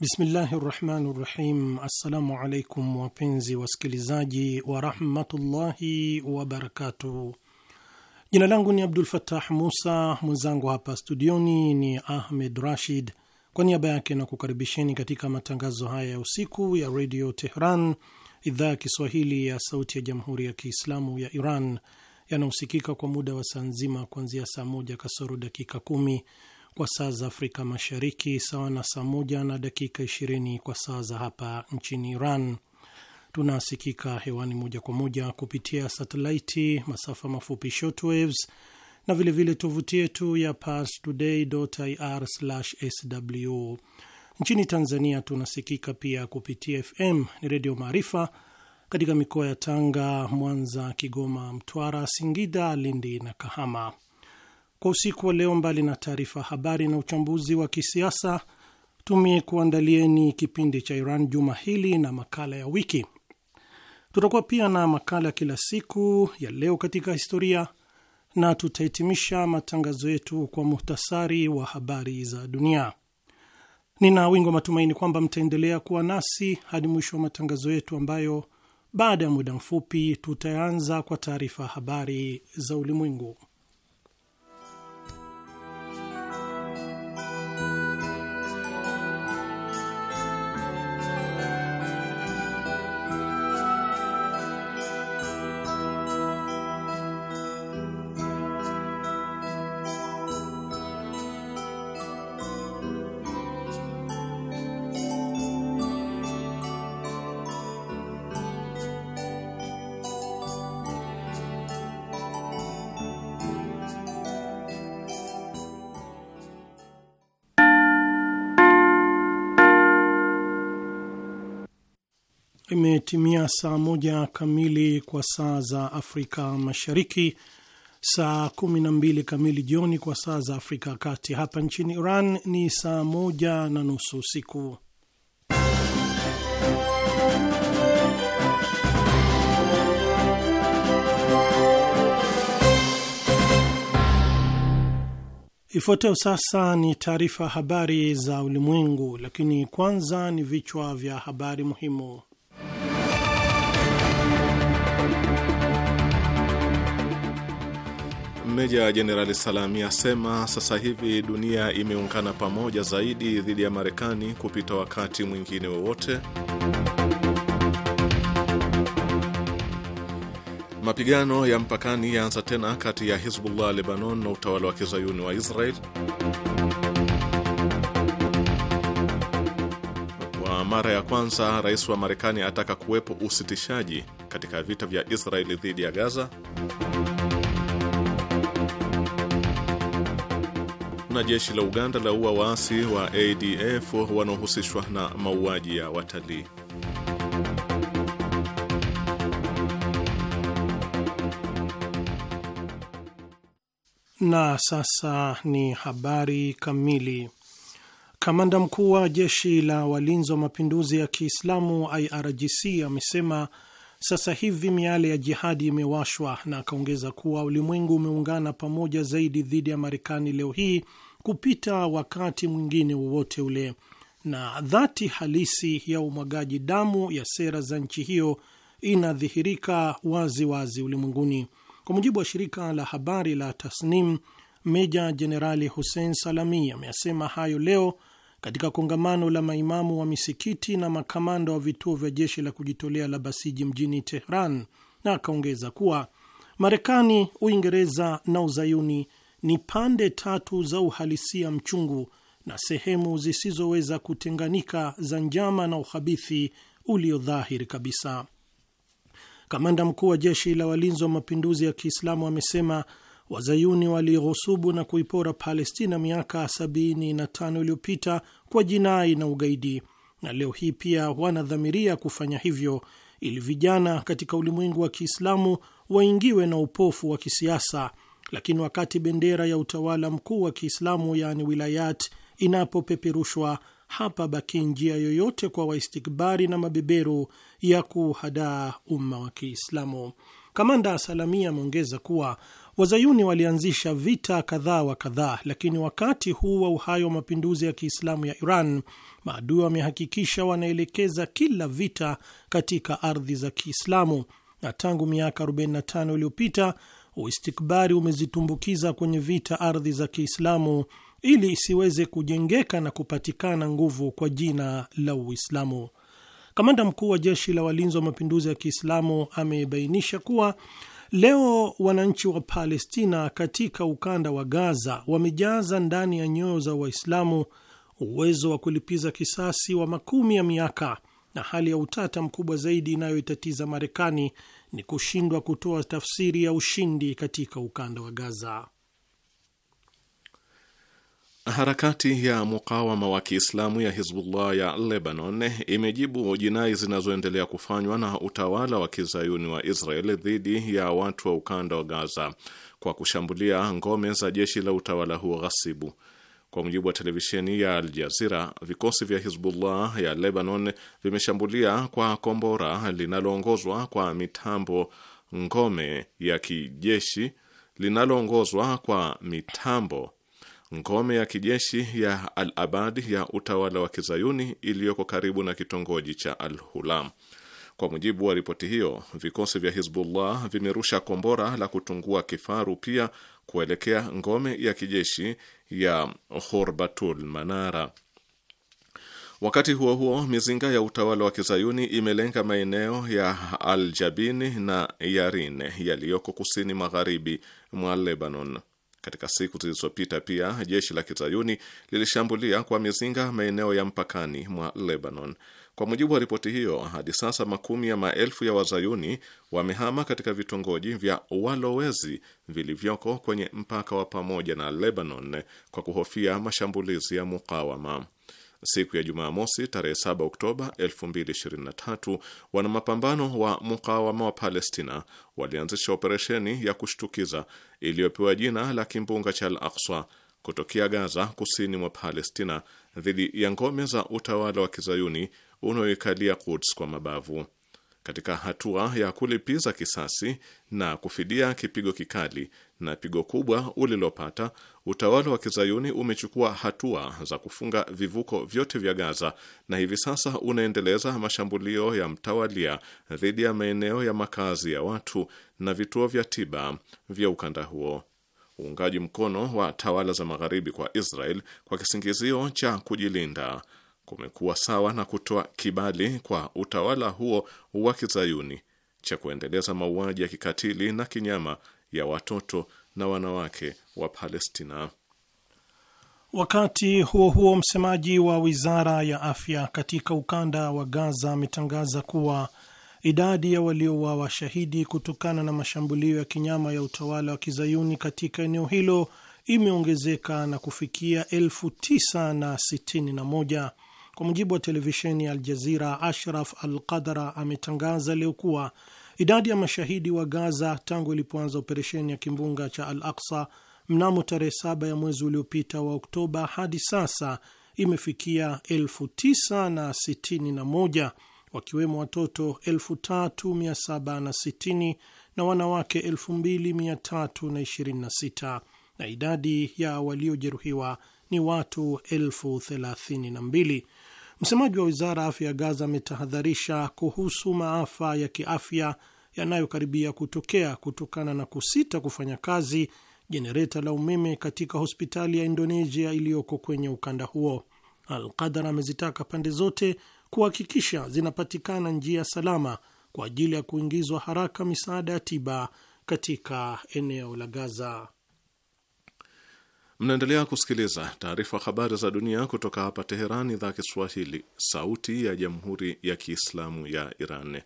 Bismillahi rahmani rahim. Assalamu alaikum wapenzi wasikilizaji warahmatullahi wabarakatuh. Jina langu ni Abdul Fattah Musa, mwenzangu hapa studioni ni Ahmed Rashid. Kwa niaba yake na kukaribisheni katika matangazo haya ya usiku ya redio Tehran, idhaa ya Kiswahili ya sauti ya jamhuri ya Kiislamu ya Iran, yanahusikika kwa muda wa saa nzima kuanzia saa moja kasoro dakika kumi kwa saa za Afrika Mashariki, sawa na saa moja na dakika ishirini kwa saa za hapa nchini Iran. Tunasikika hewani moja kwa moja kupitia satelaiti, masafa mafupi shortwaves na vilevile tovuti yetu ya parstoday.ir/sw. Nchini Tanzania tunasikika pia kupitia FM ni Redio Maarifa katika mikoa ya Tanga, Mwanza, Kigoma, Mtwara, Singida, Lindi na Kahama. Kwa usiku wa leo, mbali na taarifa habari na uchambuzi wa kisiasa, tumekuandalieni kipindi cha Iran juma hili na makala ya wiki. Tutakuwa pia na makala ya kila siku ya leo katika historia, na tutahitimisha matangazo yetu kwa muhtasari wa habari za dunia. Nina wingi wa matumaini kwamba mtaendelea kuwa nasi hadi mwisho wa matangazo yetu ambayo baada ya muda mfupi tutaanza kwa taarifa habari za ulimwengu. saa moja kamili kwa saa za Afrika Mashariki, saa kumi na mbili kamili jioni kwa saa za Afrika ya Kati. Hapa nchini Iran ni saa moja na nusu usiku. Ifuatayo sasa ni taarifa habari za ulimwengu, lakini kwanza ni vichwa vya habari muhimu. Meja Jenerali Salami asema sasa hivi dunia imeungana pamoja zaidi dhidi ya Marekani kupita wakati mwingine wowote Mapigano ya mpakani yaanza tena kati ya Hizbullah Lebanon na utawala wa kizayuni wa Israel. Kwa mara ya kwanza, rais wa Marekani ataka kuwepo usitishaji katika vita vya Israeli dhidi ya Gaza. na jeshi la Uganda la ua waasi wa ADF wanaohusishwa na mauaji ya watalii. Na sasa ni habari kamili. Kamanda mkuu wa jeshi la walinzi wa mapinduzi ya Kiislamu IRGC amesema sasa hivi miale ya jihadi imewashwa, na akaongeza kuwa ulimwengu umeungana pamoja zaidi dhidi ya Marekani leo hii kupita wakati mwingine wowote ule, na dhati halisi ya umwagaji damu ya sera za nchi hiyo inadhihirika wazi wazi ulimwenguni. Kwa mujibu wa shirika la habari la Tasnim, Meja Jenerali Hussein Salami ameyasema hayo leo katika kongamano la maimamu wa misikiti na makamanda wa vituo vya jeshi la kujitolea la Basiji mjini Tehran, na akaongeza kuwa Marekani, Uingereza na Uzayuni ni pande tatu za uhalisia mchungu na sehemu zisizoweza kutenganika za njama na uhabithi ulio dhahiri kabisa. Kamanda mkuu wa jeshi la walinzi wa mapinduzi ya Kiislamu amesema Wazayuni walighusubu na kuipora Palestina miaka 75 iliyopita kwa jinai na ugaidi, na leo hii pia wanadhamiria kufanya hivyo ili vijana katika ulimwengu wa Kiislamu waingiwe na upofu wa kisiasa. Lakini wakati bendera ya utawala mkuu wa Kiislamu yaani wilayat inapopeperushwa, hapa baki njia yoyote kwa waistikbari na mabeberu ya kuhadaa umma wa Kiislamu. Kamanda Salamia ameongeza kuwa Wazayuni walianzisha vita kadhaa wa kadhaa, lakini wakati huu wa uhai wa mapinduzi ya Kiislamu ya Iran, maadui wamehakikisha wanaelekeza kila vita katika ardhi za Kiislamu, na tangu miaka 45 iliyopita uistikbari umezitumbukiza kwenye vita ardhi za Kiislamu ili isiweze kujengeka na kupatikana nguvu kwa jina la Uislamu. Kamanda mkuu wa jeshi la walinzi wa mapinduzi ya Kiislamu amebainisha kuwa Leo wananchi wa Palestina katika ukanda wa Gaza wamejaza ndani ya nyoyo za Waislamu uwezo wa kulipiza kisasi wa makumi ya miaka, na hali ya utata mkubwa zaidi inayoitatiza Marekani ni kushindwa kutoa tafsiri ya ushindi katika ukanda wa Gaza. Harakati ya mukawama wa Kiislamu ya Hizbullah ya Lebanon imejibu jinai zinazoendelea kufanywa na utawala wa kizayuni wa Israel dhidi ya watu wa ukanda wa Gaza kwa kushambulia ngome za jeshi la utawala huo ghasibu. Kwa mujibu wa televisheni ya Al Jazira, vikosi vya Hizbullah ya Lebanon vimeshambulia kwa kombora linaloongozwa kwa mitambo ngome ya kijeshi linaloongozwa kwa mitambo Ngome ya kijeshi ya Al Abadi ya utawala wa kizayuni iliyoko karibu na kitongoji cha Al Hulam. Kwa mujibu wa ripoti hiyo, vikosi vya Hizbullah vimerusha kombora la kutungua kifaru pia kuelekea ngome ya kijeshi ya Horbatul Manara. Wakati huo huo, mizinga ya utawala wa kizayuni imelenga maeneo ya al Jabini na Yarine yaliyoko kusini magharibi mwa Lebanon. Katika siku zilizopita pia jeshi la kizayuni lilishambulia kwa mizinga maeneo ya mpakani mwa Lebanon. Kwa mujibu wa ripoti hiyo, hadi sasa makumi ya maelfu ya wazayuni wamehama katika vitongoji vya walowezi vilivyoko kwenye mpaka wa pamoja na Lebanon kwa kuhofia mashambulizi ya mukawama siku ya Jumamosi tarehe 7 Oktoba 2023 wanamapambano wa mukawama wa Palestina walianzisha operesheni ya kushtukiza iliyopewa jina la kimbunga cha Al Aqsa kutokea Gaza, kusini mwa Palestina, dhidi ya ngome za utawala wa kizayuni unaoikalia Quds kwa mabavu. Katika hatua ya kulipiza kisasi na kufidia kipigo kikali na pigo kubwa ulilopata, utawala wa kizayuni umechukua hatua za kufunga vivuko vyote vya Gaza na hivi sasa unaendeleza mashambulio ya mtawalia dhidi ya maeneo ya makazi ya watu na vituo vya tiba vya ukanda huo. Uungaji mkono wa tawala za magharibi kwa Israel kwa kisingizio cha kujilinda kumekuwa sawa na kutoa kibali kwa utawala huo wa kizayuni cha kuendeleza mauaji ya kikatili na kinyama ya watoto na wanawake wa Palestina. Wakati huo huo, msemaji wa wizara ya afya katika ukanda wa Gaza ametangaza kuwa idadi ya waliouawa washahidi kutokana na mashambulio ya kinyama ya utawala wa kizayuni katika eneo hilo imeongezeka na kufikia elfu tisa na sitini na moja. Kwa mujibu wa televisheni ya Aljazira, Ashraf Al ametangaza leo kuwa Idadi ya mashahidi wa Gaza tangu ilipoanza operesheni ya kimbunga cha Al Aksa mnamo tarehe saba ya mwezi uliopita wa Oktoba hadi sasa imefikia elfu tisa na sitini na moja wakiwemo watoto elfu tatu mia saba na sitini na wanawake elfu mbili mia tatu na ishirini na sita na idadi ya waliojeruhiwa ni watu elfu thelathini na mbili. Msemaji wa wizara ya afya ya Gaza ametahadharisha kuhusu maafa ya kiafya yanayokaribia kutokea kutokana na kusita kufanya kazi jenereta la umeme katika hospitali ya Indonesia iliyoko kwenye ukanda huo. Al-Qadar amezitaka pande zote kuhakikisha zinapatikana njia salama kwa ajili ya kuingizwa haraka misaada ya tiba katika eneo la Gaza. Mnaendelea kusikiliza taarifa habari za dunia kutoka hapa Teherani, idhaa Kiswahili, sauti ya jamhuri ya kiislamu ya Iran.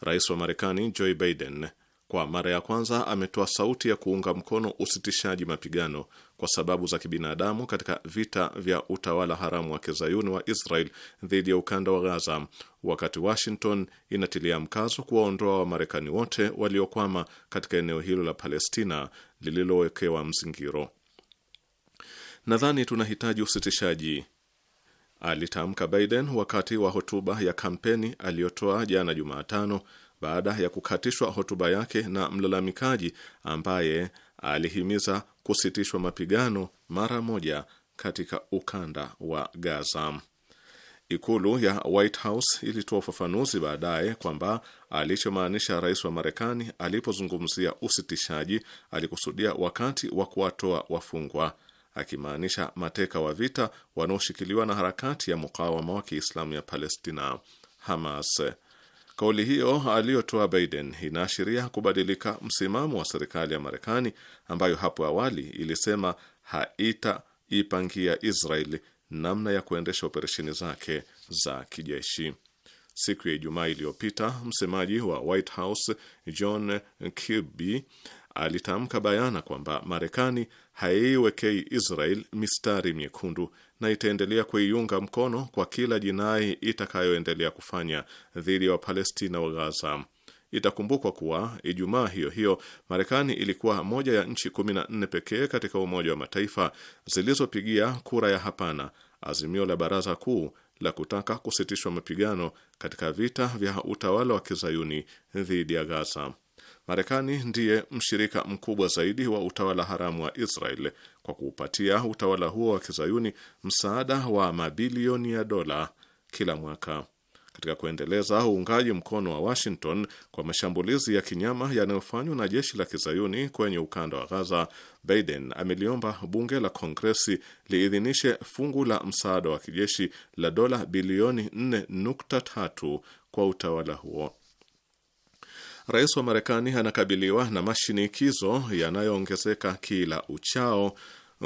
Rais wa Marekani Joe Biden kwa mara ya kwanza ametoa sauti ya kuunga mkono usitishaji mapigano kwa sababu za kibinadamu katika vita vya utawala haramu wa kizayuni wa Israel dhidi ya ukanda wa Gaza, wakati Washington inatilia mkazo kuwaondoa Wamarekani wote waliokwama katika eneo hilo la Palestina lililowekewa mzingiro nadhani tunahitaji usitishaji, alitamka Biden wakati wa hotuba ya kampeni aliyotoa jana Jumatano, baada ya kukatishwa hotuba yake na mlalamikaji ambaye alihimiza kusitishwa mapigano mara moja katika ukanda wa Gaza. Ikulu ya White House ilitoa ufafanuzi baadaye kwamba alichomaanisha rais wa Marekani alipozungumzia usitishaji alikusudia wakati wa kuwatoa wafungwa akimaanisha mateka wa vita wanaoshikiliwa na harakati ya mukawama wa Kiislamu ya Palestina, Hamas. Kauli hiyo aliyotoa Biden inaashiria kubadilika msimamo wa serikali ya Marekani ambayo hapo awali ilisema haitaipangia Israeli namna ya kuendesha operesheni zake za kijeshi. Siku ya Ijumaa iliyopita, msemaji wa White House John Kirby alitamka bayana kwamba Marekani haiwekei Israel mistari miekundu na itaendelea kuiunga mkono kwa kila jinai itakayoendelea kufanya dhidi ya Wapalestina wa Gaza. Itakumbukwa kuwa Ijumaa hiyo hiyo Marekani ilikuwa moja ya nchi 14 pekee katika Umoja wa Mataifa zilizopigia kura ya hapana azimio la Baraza Kuu la kutaka kusitishwa mapigano katika vita vya utawala wa kizayuni dhidi ya Gaza. Marekani ndiye mshirika mkubwa zaidi wa utawala haramu wa Israel kwa kuupatia utawala huo wa kizayuni msaada wa mabilioni ya dola kila mwaka katika kuendeleza uungaji mkono wa Washington kwa mashambulizi ya kinyama yanayofanywa na jeshi la kizayuni kwenye ukanda wa Gaza, Biden ameliomba bunge la Kongresi liidhinishe fungu la msaada wa kijeshi la dola bilioni 4.3 kwa utawala huo. Rais wa Marekani anakabiliwa na mashinikizo yanayoongezeka kila uchao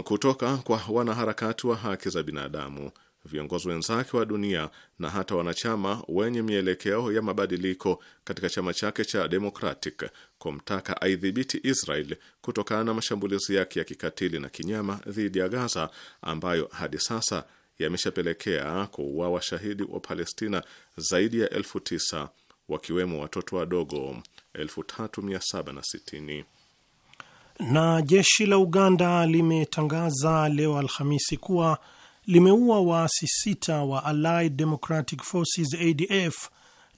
kutoka kwa wanaharakati wa haki za binadamu, viongozi wenzake wa dunia na hata wanachama wenye mielekeo ya mabadiliko katika chama chake cha Democratic kumtaka aidhibiti Israel kutokana na mashambulizi yake ya kikatili na kinyama dhidi ya Gaza ambayo hadi sasa yameshapelekea kuuawa shahidi wa Palestina zaidi ya elfu tisa wakiwemo watoto wadogo 3760 na jeshi la Uganda limetangaza leo Alhamisi kuwa limeua waasi sita wa Allied Democratic Forces ADF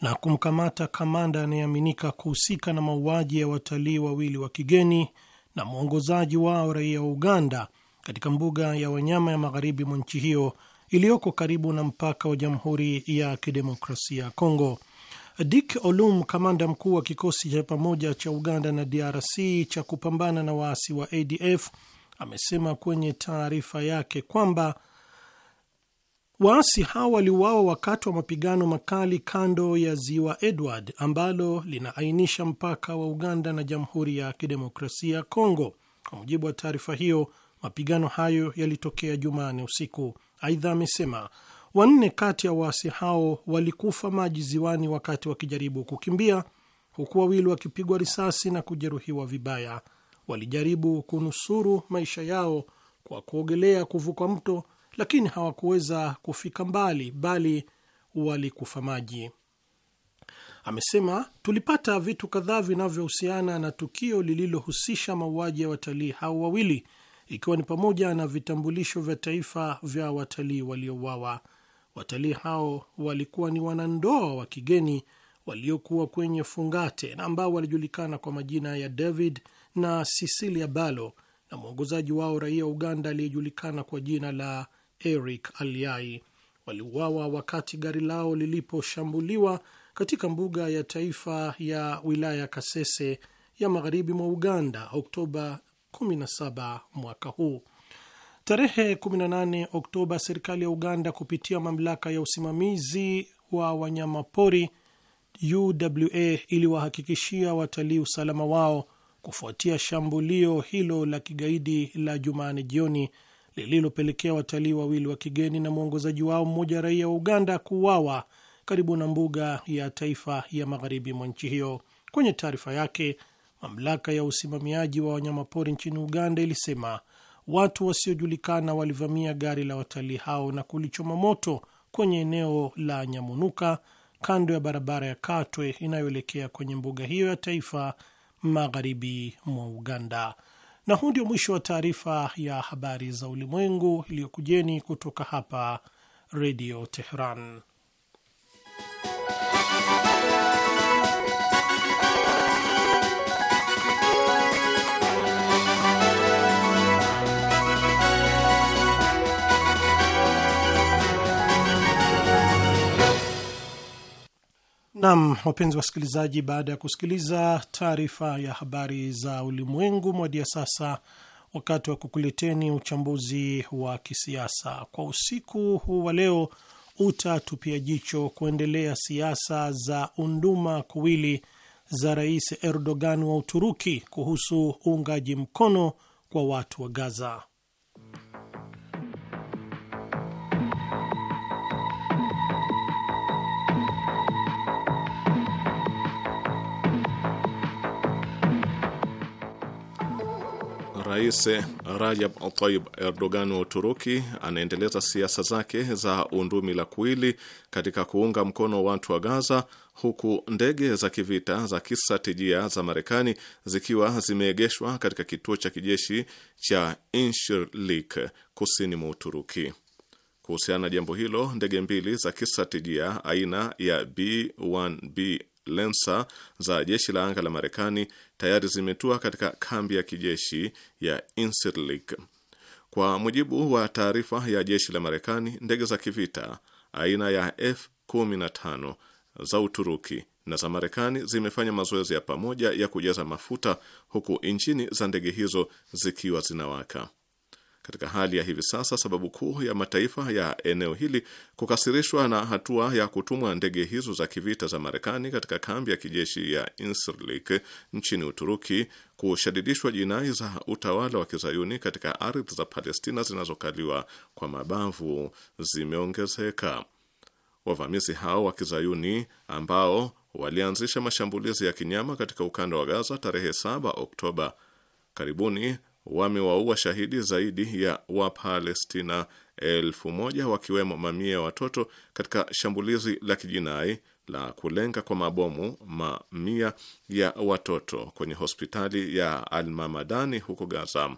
na kumkamata kamanda anayeaminika kuhusika na mauaji ya watalii wawili wa kigeni na mwongozaji wao raia wa Uganda katika mbuga ya wanyama ya magharibi mwa nchi hiyo iliyoko karibu na mpaka wa Jamhuri ya Kidemokrasia ya Kongo. Dick Olum, kamanda mkuu wa kikosi cha pamoja cha Uganda na DRC cha kupambana na waasi wa ADF, amesema kwenye taarifa yake kwamba waasi hao waliuawa wakati wa mapigano makali kando ya ziwa Edward ambalo linaainisha mpaka wa Uganda na Jamhuri ya Kidemokrasia ya Kongo. Kwa mujibu wa taarifa hiyo, mapigano hayo yalitokea Jumane usiku. Aidha amesema Wanne kati ya waasi hao walikufa maji ziwani wakati wakijaribu kukimbia, huku wawili wakipigwa risasi na kujeruhiwa vibaya. Walijaribu kunusuru maisha yao kwa kuogelea kuvuka mto, lakini hawakuweza kufika mbali, bali walikufa maji. Amesema, tulipata vitu kadhaa vinavyohusiana na tukio lililohusisha mauaji ya watalii hao wawili, ikiwa ni pamoja na vitambulisho vya taifa vya watalii waliouawa. Watalii hao walikuwa ni wanandoa wa kigeni waliokuwa kwenye fungate na ambao walijulikana kwa majina ya David na Cecilia Balo na mwongozaji wao raia wa Uganda aliyejulikana kwa jina la Eric Aliai. Waliuawa wakati gari lao liliposhambuliwa katika mbuga ya taifa ya wilaya Kasese ya magharibi mwa Uganda Oktoba 17 mwaka huu. Tarehe 18 Oktoba, serikali ya Uganda kupitia mamlaka ya usimamizi wa wanyamapori UWA iliwahakikishia watalii usalama wao kufuatia shambulio hilo la kigaidi la Jumane jioni lililopelekea watalii wawili wa kigeni na mwongozaji wao mmoja raia wa Uganda kuuawa karibu na mbuga ya taifa ya magharibi mwa nchi hiyo. Kwenye taarifa yake, mamlaka ya usimamiaji wa wanyamapori nchini Uganda ilisema watu wasiojulikana walivamia gari la watalii hao na kulichoma moto kwenye eneo la Nyamunuka kando ya barabara ya Katwe inayoelekea kwenye mbuga hiyo ya taifa magharibi mwa Uganda. Na huu ndio mwisho wa taarifa ya habari za ulimwengu iliyokujeni kutoka hapa Redio Teheran. Nam, wapenzi wasikilizaji, baada ya kusikiliza taarifa ya habari za ulimwengu, mwadia sasa wakati wa kukuleteni uchambuzi wa kisiasa kwa usiku huu wa leo. Utatupia jicho kuendelea siasa za unduma kuwili za Rais Erdogan wa Uturuki kuhusu uungaji mkono kwa watu wa Gaza. Rais Rajab Tayyip Erdogan wa Uturuki anaendeleza siasa zake za undumi la kuili katika kuunga mkono watu wa Gaza, huku ndege za kivita za kistratejia za Marekani zikiwa zimeegeshwa katika kituo cha kijeshi cha Incirlik kusini mwa Uturuki. Kuhusiana na jambo hilo, ndege mbili za kistratejia aina ya B1B Lancer za jeshi la anga la Marekani tayari zimetua katika kambi ya kijeshi ya Incirlik. Kwa mujibu wa taarifa ya jeshi la Marekani, ndege za kivita aina ya F-15 za Uturuki na za Marekani zimefanya mazoezi ya pamoja ya kujaza mafuta huku injini za ndege hizo zikiwa zinawaka. Katika hali ya hivi sasa, sababu kuu ya mataifa ya eneo hili kukasirishwa na hatua ya kutumwa ndege hizo za kivita za Marekani katika kambi ya kijeshi ya Incirlik nchini Uturuki, kushadidishwa jinai za utawala wa kizayuni katika ardhi za Palestina zinazokaliwa kwa mabavu zimeongezeka. Wavamizi hao wa kizayuni ambao walianzisha mashambulizi ya kinyama katika ukanda wa Gaza tarehe 7 Oktoba karibuni wamewaua shahidi zaidi ya Wapalestina elfu moja wakiwemo mamia ya watoto katika shambulizi la kijinai la kulenga kwa mabomu mamia ya watoto kwenye hospitali ya Almamadani huko Gaza.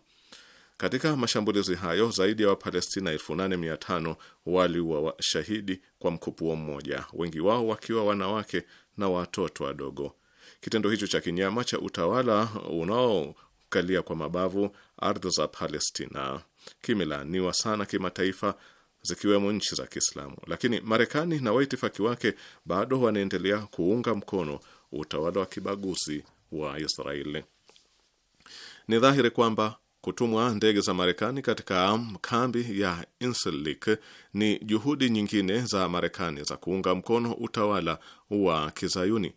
Katika mashambulizi hayo zaidi ya Wapalestina 8500 waliuawa shahidi kwa mkupuo mmoja, wengi wao wakiwa wanawake na watoto wadogo. Kitendo hicho cha kinyama cha utawala unao kukalia kwa mabavu ardhi za Palestina kimelaaniwa sana kimataifa zikiwemo nchi za Kiislamu, lakini Marekani na waitifaki wake bado wanaendelea kuunga mkono utawala wa kibaguzi wa Israeli. Ni dhahiri kwamba kutumwa ndege za Marekani katika kambi ya Incirlik ni juhudi nyingine za Marekani za kuunga mkono utawala wa Kizayuni.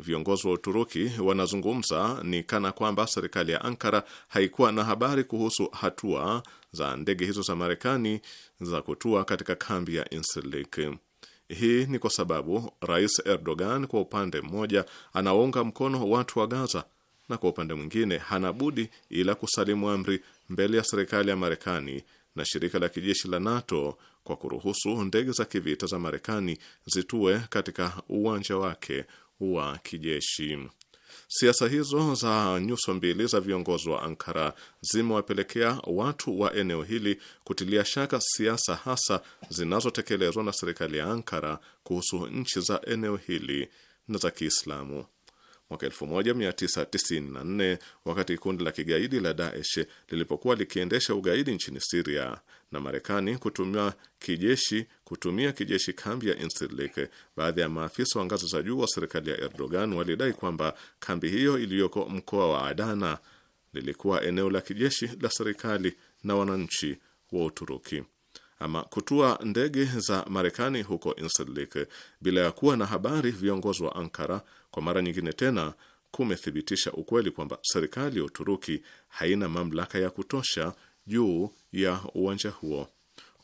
Viongozi wa Uturuki wanazungumza ni kana kwamba serikali ya Ankara haikuwa na habari kuhusu hatua za ndege hizo za Marekani za kutua katika kambi ya Incirlik. Hii ni kwa sababu Rais Erdogan kwa upande mmoja anawaunga mkono watu wa Gaza na kwa upande mwingine hana budi ila kusalimu amri mbele ya serikali ya Marekani na shirika la kijeshi la NATO kwa kuruhusu ndege za kivita za Marekani zitue katika uwanja wake wa kijeshi. Siasa hizo za nyuso mbili za viongozi wa Ankara zimewapelekea watu wa eneo hili kutilia shaka siasa hasa zinazotekelezwa na serikali ya Ankara kuhusu nchi za eneo hili na za Kiislamu. Mwaka 1994 wakati kundi la kigaidi la Daesh lilipokuwa likiendesha ugaidi nchini Siria, na Marekani kutumia kijeshi kutumia kijeshi kambi ya Incirlik. Baadhi ya maafisa wa ngazi za juu wa serikali ya Erdogan walidai kwamba kambi hiyo iliyoko mkoa wa Adana lilikuwa eneo la kijeshi la serikali na wananchi wa Uturuki. Ama kutua ndege za Marekani huko Incirlik bila ya kuwa na habari viongozi wa Ankara, kwa mara nyingine tena kumethibitisha ukweli kwamba serikali ya Uturuki haina mamlaka ya kutosha juu ya uwanja huo,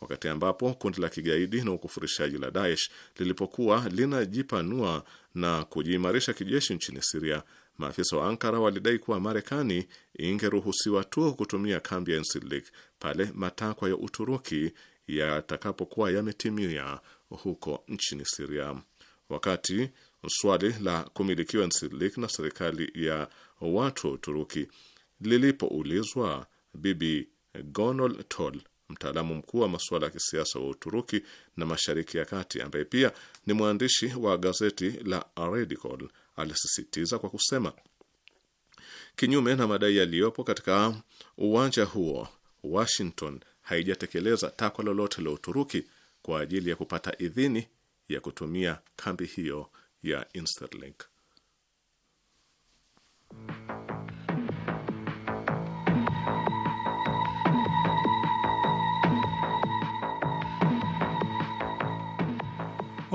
wakati ambapo kundi la kigaidi na ukufurishaji la Daesh lilipokuwa linajipanua na kujiimarisha kijeshi nchini Siria. Maafisa wa Ankara walidai kuwa Marekani ingeruhusiwa tu kutumia kambi ya Incirlik pale matakwa ya Uturuki yatakapokuwa yametimia huko nchini Siria. Wakati swali la kumilikiwa Incirlik na serikali ya watu wa Uturuki lilipoulizwa, Bibi Gonol Tol, mtaalamu mkuu wa masuala ya kisiasa wa Uturuki na Mashariki ya Kati, ambaye pia ni mwandishi wa gazeti la Radical, alisisitiza kwa kusema, kinyume na madai yaliyopo katika uwanja huo, Washington haijatekeleza takwa lolote la Uturuki kwa ajili ya kupata idhini ya kutumia kambi hiyo ya mm.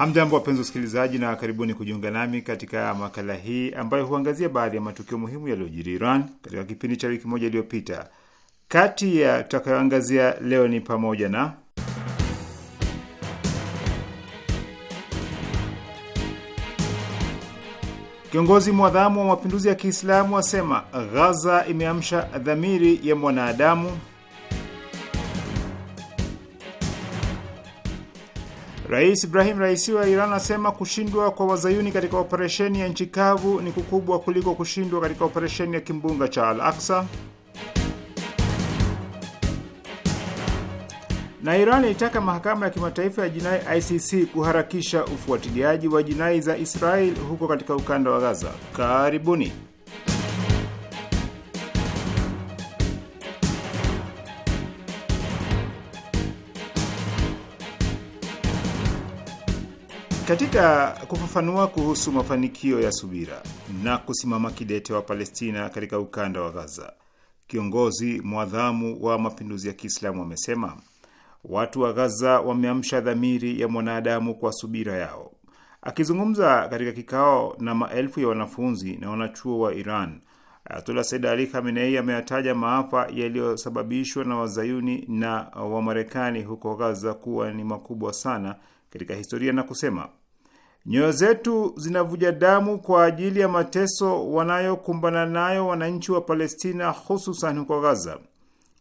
Hamjambo, wapenzi wasikilizaji, na karibuni kujiunga nami katika makala hii ambayo huangazia baadhi ya matukio muhimu yaliyojiri Iran katika kipindi cha wiki moja iliyopita. Kati ya tutakayoangazia leo ni pamoja na Kiongozi mwadhamu wa mapinduzi ya Kiislamu asema Ghaza imeamsha dhamiri ya mwanadamu. Rais Ibrahim Raisi wa Iran anasema kushindwa kwa wazayuni katika operesheni ya nchi kavu ni kukubwa kuliko kushindwa katika operesheni ya kimbunga cha Al Aksa. Na Iran ilitaka mahakama ya kimataifa ya jinai ICC kuharakisha ufuatiliaji wa jinai za Israel huko katika ukanda wa Gaza. Karibuni. Katika kufafanua kuhusu mafanikio ya subira na kusimama kidete wa Palestina katika ukanda wa Gaza, kiongozi mwadhamu wa mapinduzi ya Kiislamu amesema watu wa Gaza wameamsha dhamiri ya mwanadamu kwa subira yao. Akizungumza katika kikao na maelfu ya wanafunzi na wanachuo wa Iran, Ayatullah Said Ali Khamenei ameyataja maafa yaliyosababishwa na wazayuni na Wamarekani huko Gaza kuwa ni makubwa sana katika historia na kusema Nyoyo zetu zinavuja damu kwa ajili ya mateso wanayokumbana nayo wananchi wa Palestina, hususan huko Gaza.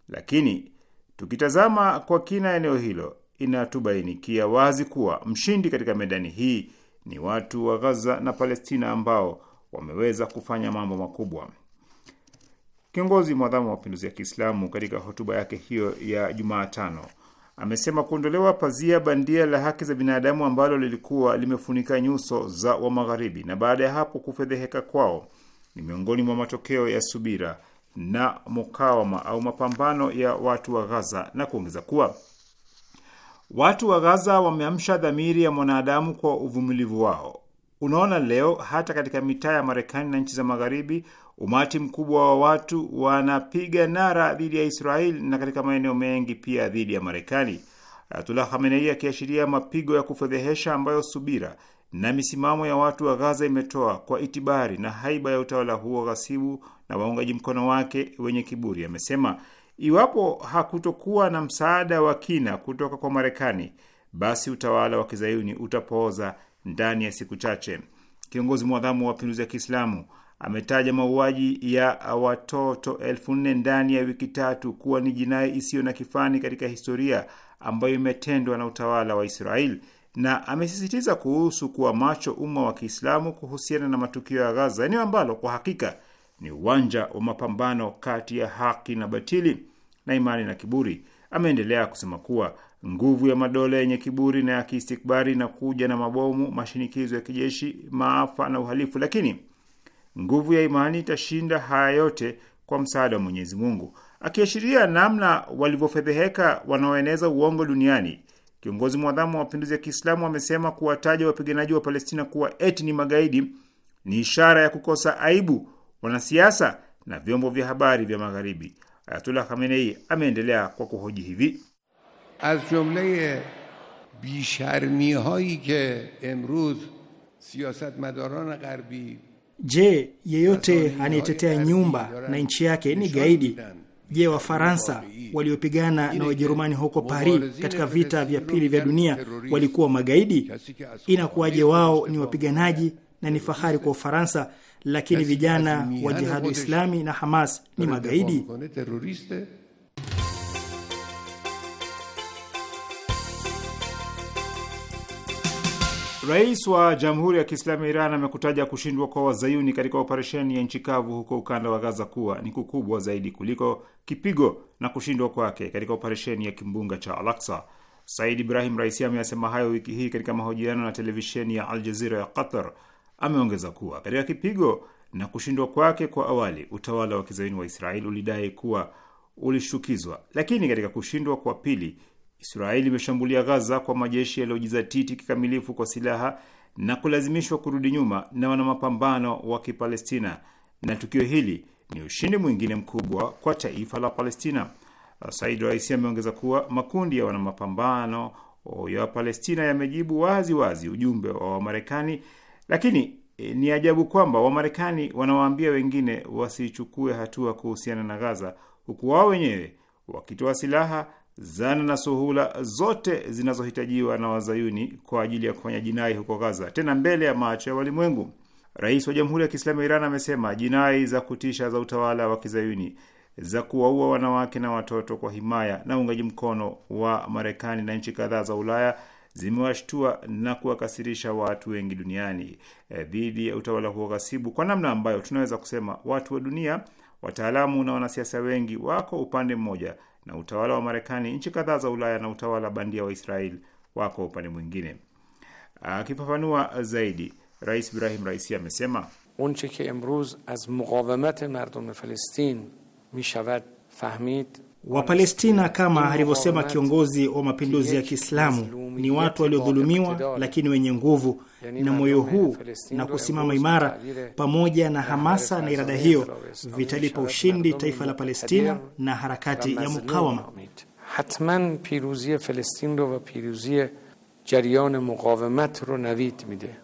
Lakini tukitazama kwa kina eneo hilo, inatubainikia wazi kuwa mshindi katika medani hii ni watu wa Gaza na Palestina ambao wameweza kufanya mambo makubwa. Kiongozi mwadhamu wa mapinduzi ya Kiislamu katika hotuba yake hiyo ya Jumatano amesema kuondolewa pazia bandia la haki za binadamu ambalo lilikuwa limefunika nyuso za wa magharibi na baada ya hapo kufedheheka kwao ni miongoni mwa matokeo ya subira na mukawama au mapambano ya watu wa Gaza, na kuongeza kuwa watu wa Gaza wameamsha dhamiri ya mwanadamu kwa uvumilivu wao. Unaona, leo hata katika mitaa ya Marekani na nchi za Magharibi Umati mkubwa wa watu wanapiga nara dhidi ya Israel na katika maeneo mengi pia dhidi ya Marekani. Ayatullah Khamenei akiashiria mapigo ya kufedhehesha ambayo subira na misimamo ya watu wa Gaza imetoa kwa itibari na haiba ya utawala huo ghasibu na waungaji mkono wake wenye kiburi, amesema iwapo hakutokuwa na msaada wa kina kutoka kwa Marekani, basi utawala wa kizayuni utapooza ndani ya siku chache. Kiongozi mwadhamu wa mapinduzi ya Kiislamu ametaja mauaji ya watoto elfu nne ndani ya wiki tatu kuwa ni jinai isiyo na kifani katika historia ambayo imetendwa na utawala wa israel na amesisitiza kuhusu kuwa macho umma wa Kiislamu kuhusiana na matukio ya Gaza, eneo ambalo kwa hakika ni uwanja wa mapambano kati ya haki na batili na imani na kiburi. Ameendelea kusema kuwa nguvu ya madola yenye kiburi na ya kiistikbari inakuja na mabomu, mashinikizo ya kijeshi, maafa na uhalifu, lakini Nguvu ya imani itashinda haya yote kwa msaada wa Mwenyezi Mungu. Akiashiria namna walivyofedheheka wanaoeneza uongo duniani, kiongozi mwadhamu wa mapinduzi ya Kiislamu amesema kuwataja wapiganaji wa Palestina kuwa eti ni magaidi ni ishara ya kukosa aibu wanasiasa na vyombo vya habari vya Magharibi. Ayatullah Khamenei ameendelea kwa kuhoji hivi az jumle bisharmihayi ke emruz siyasatmadaran gharbi Je, yeyote anayetetea nyumba na nchi yake ni gaidi? Je, Wafaransa waliopigana na Wajerumani huko Paris katika vita vya pili vya dunia walikuwa magaidi? Inakuwaje wao ni wapiganaji na ni fahari kwa Ufaransa, lakini vijana wa Jihadi Islami na Hamas ni magaidi? Rais wa Jamhuri ya Kiislamu ya Iran amekutaja kushindwa kwa wazayuni katika operesheni ya nchi kavu huko ukanda wa Gaza kuwa ni kukubwa zaidi kuliko kipigo na kushindwa kwake katika operesheni ya kimbunga cha Alaksa. Said Ibrahim Raisi ameyasema hayo wiki hii katika mahojiano na televisheni ya Al ya Qatar. Ameongeza kuwa katika kipigo na kushindwa kwake kwa awali, utawala wa kizayuni wa israel ulidai kuwa ulishtukizwa, lakini katika kushindwa kwa pili Israeli imeshambulia Gaza kwa majeshi yaliyojizatiti kikamilifu kwa silaha na kulazimishwa kurudi nyuma na wanamapambano wa Kipalestina, na tukio hili ni ushindi mwingine mkubwa kwa taifa la Palestina. Said Raisi ameongeza kuwa makundi ya wanamapambano ya Palestina yamejibu wazi wazi ujumbe wa Wamarekani, lakini e, ni ajabu kwamba Wamarekani wanawaambia wengine wasichukue hatua kuhusiana na Gaza, huku wao wenyewe wakitoa silaha zana na suhula zote zinazohitajiwa na wazayuni kwa ajili ya kufanya jinai huko Gaza, tena mbele ya macho ya walimwengu. Rais wa Jamhuri ya Kiislamu ya Iran amesema jinai za kutisha za utawala wa kizayuni za kuwaua wanawake na watoto kwa himaya na uungaji mkono wa Marekani na nchi kadhaa za Ulaya zimewashtua na kuwakasirisha watu wengi duniani e, dhidi e, ya utawala huo ghasibu, kwa namna ambayo tunaweza kusema watu wa dunia, wataalamu na wanasiasa wengi wako upande mmoja na utawala wa Marekani, nchi kadhaa za Ulaya na utawala bandia wa Israel wako upande mwingine. Akifafanua zaidi, Rais Ibrahim Raisi amesema unche ke emruz az muqawamat mardum falestin e mishawad fahmid Wapalestina kama alivyosema kiongozi wa mapinduzi ya Kiislamu ni watu waliodhulumiwa lakini wenye nguvu na moyo huu na kusimama imara pamoja na hamasa na irada hiyo vitalipa ushindi taifa la Palestina na harakati ya mukawama. hatman piruzi Palestina ro va piruzi jarian muqawamat ro nawid mide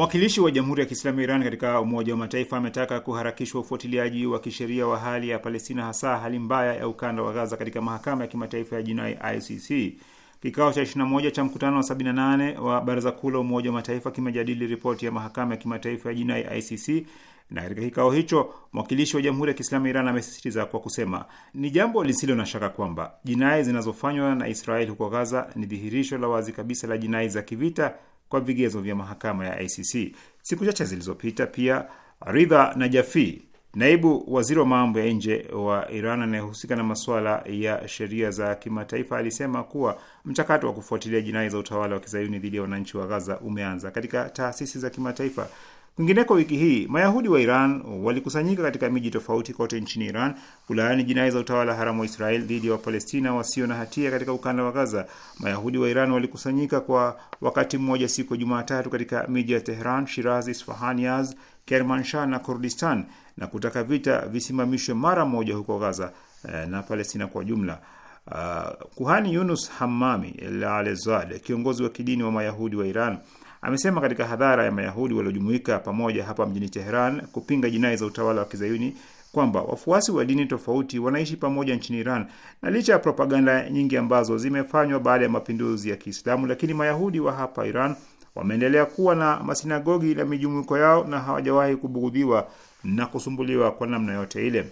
Mwakilishi wa Jamhuri ya Kiislamu ya Iran katika Umoja wa Mataifa ametaka kuharakishwa ufuatiliaji wa kisheria wa hali ya Palestina, hasa hali mbaya ya ukanda wa Gaza katika mahakama ya kimataifa ya jinai ICC. Kikao cha 21 cha mkutano wa 78 wa Baraza Kuu la Umoja wa Mataifa kimejadili ripoti ya mahakama ya kimataifa ya jinai ICC, na katika kikao hicho mwakilishi wa Jamhuri ya Kiislamu ya Iran amesisitiza kwa kusema, ni jambo lisilo na shaka kwamba jinai zinazofanywa na Israeli huko Gaza ni dhihirisho la wazi kabisa la jinai za kivita kwa vigezo vya mahakama ya ICC. Siku chache zilizopita pia Ridha Najafi, naibu waziri wa mambo ya nje wa Iran anayehusika na masuala ya sheria za kimataifa, alisema kuwa mchakato wa kufuatilia jinai za utawala wa kizayuni dhidi ya wananchi wa Gaza umeanza katika taasisi za kimataifa Kwingineko, wiki hii Mayahudi wa Iran walikusanyika katika miji tofauti kote nchini Iran kulaani jinai za utawala haramu wa Israel dhidi ya Wapalestina wasio na hatia katika ukanda wa Gaza. Mayahudi wa Iran walikusanyika kwa wakati mmoja siku ya Jumatatu katika miji ya Tehran, Shiraz, Isfahan, Yaz, Kermanshah na Kurdistan na kutaka vita visimamishwe mara moja huko Gaza eh, na Palestina kwa jumla. Uh, Kuhani Yunus Hamami Lalezade, kiongozi wa kidini wa Mayahudi wa Iran amesema katika hadhara ya Mayahudi waliojumuika pamoja hapa mjini Teheran kupinga jinai za utawala wa kizayuni kwamba wafuasi wa dini tofauti wanaishi pamoja nchini Iran na licha ya propaganda nyingi ambazo zimefanywa baada ya mapinduzi ya Kiislamu, lakini Mayahudi wa hapa Iran wameendelea kuwa na masinagogi na mijumuiko yao na hawajawahi kubugudhiwa na kusumbuliwa kwa namna yote ile.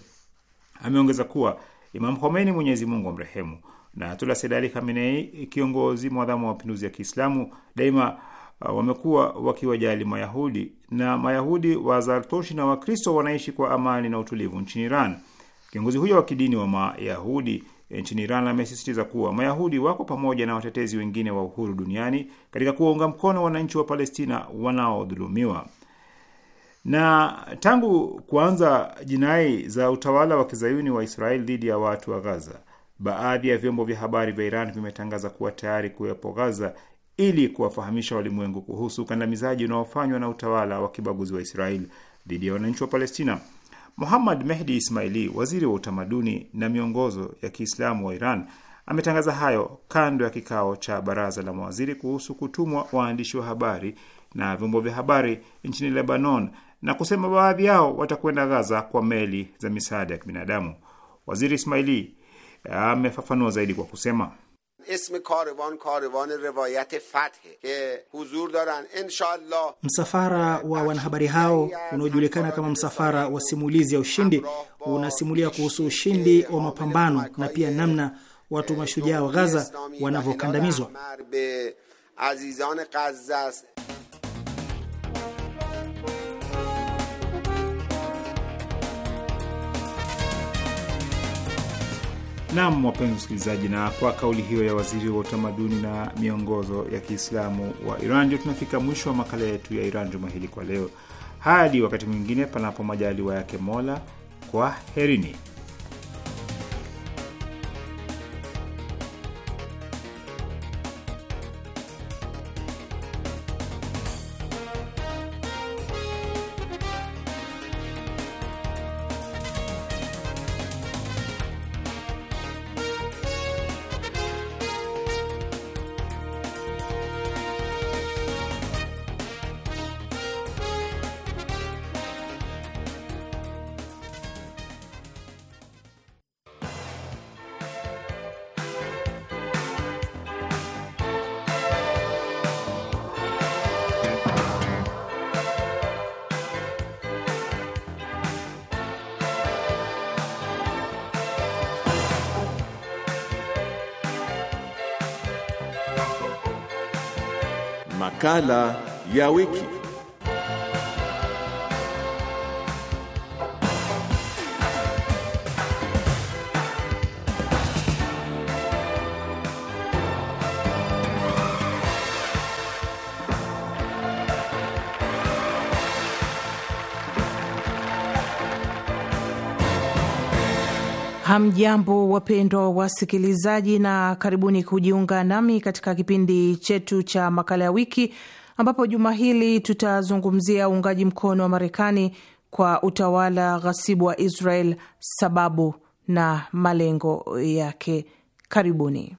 Ameongeza kuwa Imam Khomeini, Mwenyezi Mungu amrehemu, na Ayatullah Sayyid Ali Khamenei, kiongozi mwadhamu wa mapinduzi ya Kiislamu, daima Uh, wamekuwa wakiwajali Mayahudi na Mayahudi wa Zartoshi na Wakristo wanaishi kwa amani na utulivu nchini Iran. Kiongozi huyo wa kidini wa Mayahudi eh, nchini Iran amesisitiza kuwa Mayahudi wako pamoja na watetezi wengine wa uhuru duniani katika kuwaunga mkono wananchi wa Palestina wanaodhulumiwa. Na tangu kuanza jinai za utawala wa kizayuni wa Israeli dhidi ya watu wa Gaza, baadhi ya vyombo vya habari vya Iran vimetangaza kuwa tayari kuwepo Gaza ili kuwafahamisha walimwengu kuhusu ukandamizaji unaofanywa na utawala wa kibaguzi wa israel dhidi ya wananchi wa Palestina. Muhammad Mehdi Ismaili, waziri wa utamaduni na miongozo ya Kiislamu wa Iran, ametangaza hayo kando ya kikao cha baraza la mawaziri kuhusu kutumwa waandishi wa habari na vyombo vya habari nchini Lebanon na kusema baadhi yao watakwenda Gaza kwa meli za misaada ya kibinadamu. Waziri Ismaili amefafanua zaidi kwa kusema اسم کاروان کاروان روایت fathe که huzur daran inshallah. Msafara wa wanahabari hao unaojulikana kama msafara wa simulizi ya ushindi unasimulia kuhusu ushindi wa mapambano na pia namna watu mashujaa wa Gaza wanavyokandamizwa. Nam, wapenzi msikilizaji, na kwa kauli hiyo ya waziri wa utamaduni na miongozo ya Kiislamu wa Iran ndio tunafika mwisho wa makala yetu ya Iran juma hili kwa leo. Hadi wakati mwingine, panapo majaliwa yake Mola, kwa herini. Makala ya wiki. Hamjambo, wapendwa wasikilizaji, na karibuni kujiunga nami katika kipindi chetu cha makala ya wiki, ambapo juma hili tutazungumzia uungaji mkono wa Marekani kwa utawala ghasibu wa Israel, sababu na malengo yake. Karibuni.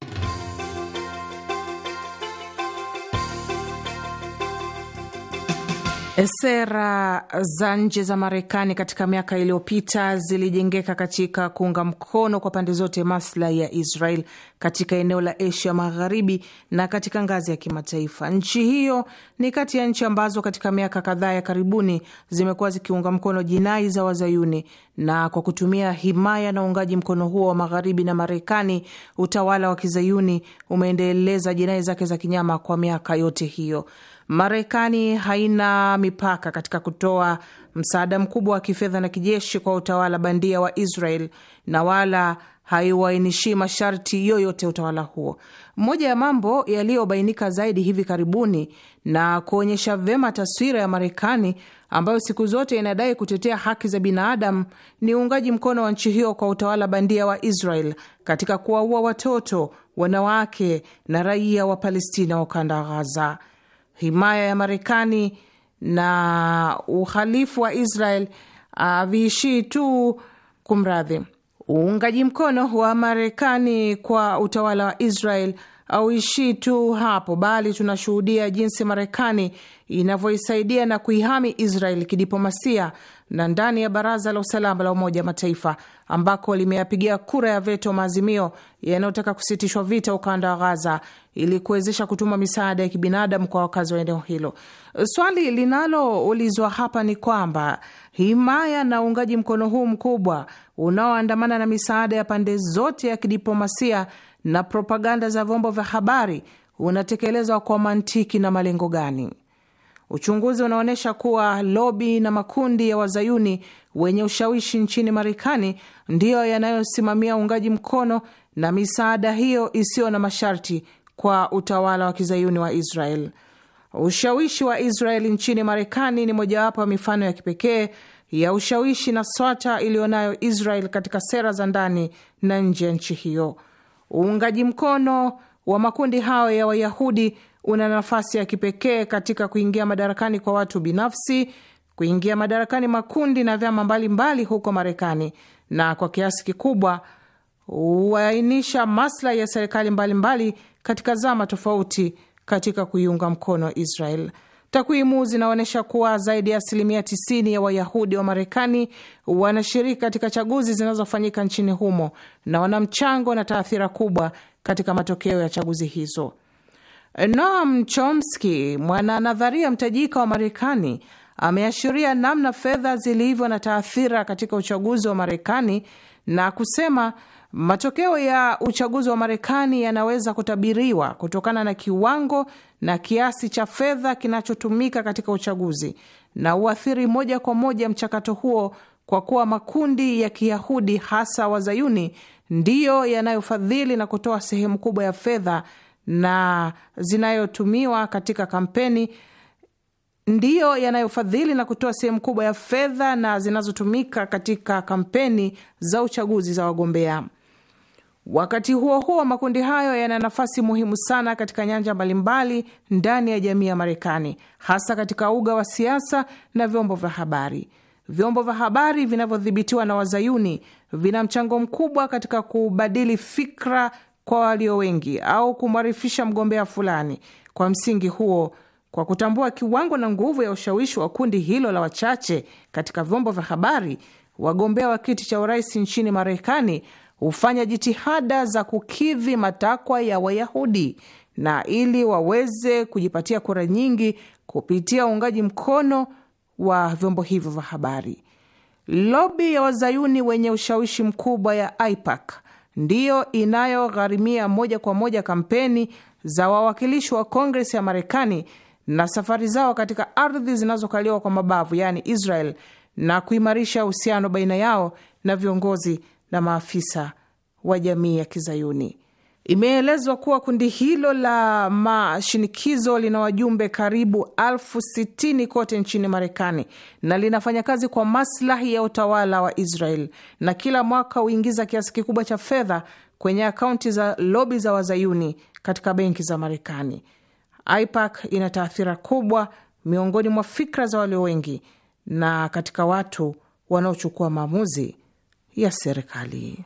Sera za nje za Marekani katika miaka iliyopita zilijengeka katika kuunga mkono kwa pande zote maslahi ya Israel katika eneo la Asia Magharibi na katika ngazi ya kimataifa. Nchi hiyo ni kati ya nchi ambazo katika miaka kadhaa ya karibuni zimekuwa zikiunga mkono jinai za Wazayuni, na kwa kutumia himaya na uungaji mkono huo wa Magharibi na Marekani, utawala wa Kizayuni umeendeleza jinai zake za kinyama kwa miaka yote hiyo. Marekani haina mipaka katika kutoa msaada mkubwa wa kifedha na kijeshi kwa utawala bandia wa Israel na wala haiwainishii masharti yoyote utawala huo. Moja ya mambo yaliyobainika zaidi hivi karibuni na kuonyesha vyema taswira ya Marekani ambayo siku zote inadai kutetea haki za binadamu ni uungaji mkono wa nchi hiyo kwa utawala bandia wa Israel katika kuwaua watoto, wanawake na raia wa Palestina wa ukanda wa Gaza himaya ya Marekani na uhalifu wa Israel haviishii tu kumradhi. Uungaji mkono wa Marekani kwa utawala wa Israel hauishii tu hapo, bali tunashuhudia jinsi Marekani inavyoisaidia na kuihami Israel kidiplomasia na ndani ya Baraza la Usalama la Umoja wa Mataifa ambako limeyapigia kura ya veto maazimio yanayotaka kusitishwa vita ukanda wa Gaza ili kuwezesha kutuma misaada ya kibinadamu kwa wakazi wa eneo hilo. Swali linaloulizwa hapa ni kwamba himaya na uungaji mkono huu mkubwa unaoandamana na misaada ya pande zote ya kidiplomasia na propaganda za vyombo vya habari unatekelezwa kwa mantiki na malengo gani? Uchunguzi unaonyesha kuwa lobi na makundi ya wazayuni wenye ushawishi nchini Marekani ndiyo yanayosimamia uungaji mkono na misaada hiyo isiyo na masharti kwa utawala wa kizayuni wa Israel. Ushawishi wa Israel nchini Marekani ni mojawapo ya mifano ya kipekee ya ushawishi na swata iliyonayo Israel katika sera za ndani na nje ya nchi hiyo. Uungaji mkono wa makundi hayo ya Wayahudi una nafasi ya kipekee katika kuingia madarakani kwa watu binafsi, kuingia madarakani makundi na vyama mbalimbali mbali huko Marekani, na kwa kiasi kikubwa huainisha maslahi ya serikali mbalimbali katika zama tofauti katika kuiunga mkono Israel. Takwimu zinaonyesha kuwa zaidi ya asilimia 90 ya Wayahudi wa Marekani wanashiriki katika chaguzi zinazofanyika nchini humo na wana mchango na taathira kubwa katika matokeo ya chaguzi hizo. Noam Chomsky, mwananadharia mtajika wa Marekani, ameashiria namna fedha zilivyo na taathira katika uchaguzi wa Marekani na kusema Matokeo ya uchaguzi wa Marekani yanaweza kutabiriwa kutokana na kiwango na kiasi cha fedha kinachotumika katika uchaguzi na uathiri moja kwa moja mchakato huo, kwa kuwa makundi ya Kiyahudi hasa Wazayuni ndiyo yanayofadhili na kutoa sehemu kubwa ya fedha na zinayotumiwa katika kampeni ndiyo yanayofadhili na kutoa sehemu kubwa ya fedha na zinazotumika katika kampeni za uchaguzi za wagombea. Wakati huo huo, makundi hayo yana nafasi muhimu sana katika nyanja mbalimbali ndani ya jamii ya Marekani, hasa katika uga wa siasa na vyombo vya habari. Vyombo vya habari vinavyodhibitiwa na wazayuni vina mchango mkubwa katika kubadili fikra kwa walio wengi au kumwarifisha mgombea fulani. Kwa msingi huo, kwa kutambua kiwango na nguvu ya ushawishi wa kundi hilo la wachache katika vyombo vya habari, wagombea wa kiti cha urais nchini Marekani hufanya jitihada za kukidhi matakwa ya Wayahudi na ili waweze kujipatia kura nyingi kupitia uungaji mkono wa vyombo hivyo vya habari. Lobi ya wazayuni wenye ushawishi mkubwa ya IPAC ndiyo inayogharimia moja kwa moja kampeni za wawakilishi wa kongres ya Marekani na safari zao katika ardhi zinazokaliwa kwa mabavu, yaani Israel, na kuimarisha uhusiano baina yao na viongozi na maafisa wa jamii ya Kizayuni. Imeelezwa kuwa kundi hilo la mashinikizo lina wajumbe karibu elfu sitini kote nchini Marekani na linafanya kazi kwa maslahi ya utawala wa Israel na kila mwaka huingiza kiasi kikubwa cha fedha kwenye akaunti za lobi za wazayuni katika benki za Marekani. AIPAC ina taathira kubwa miongoni mwa fikra za walio wengi na katika watu wanaochukua maamuzi ya serikali.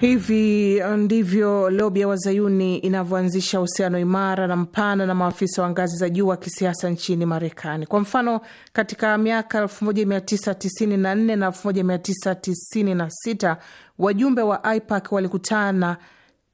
Hivi ndivyo lobi ya wazayuni inavyoanzisha uhusiano imara na mpana na maafisa wa ngazi za juu wa kisiasa nchini Marekani. Kwa mfano, katika miaka 1994 na 1996 wajumbe wa AIPAC walikutana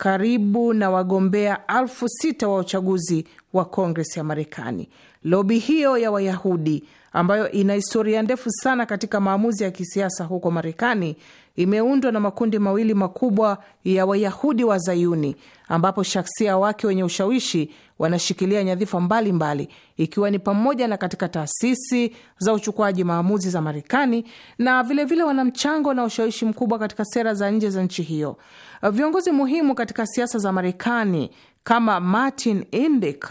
karibu na wagombea alfu sita wa uchaguzi wa Kongres ya Marekani. Lobi hiyo ya Wayahudi ambayo ina historia ndefu sana katika maamuzi ya kisiasa huko Marekani imeundwa na makundi mawili makubwa ya Wayahudi wa Zayuni, ambapo shaksia wake wenye ushawishi wanashikilia nyadhifa mbalimbali mbali, ikiwa ni pamoja na katika taasisi za uchukuaji maamuzi za Marekani na vilevile wana mchango na ushawishi mkubwa katika sera za nje za nchi hiyo. Viongozi muhimu katika siasa za Marekani kama Martin Indyk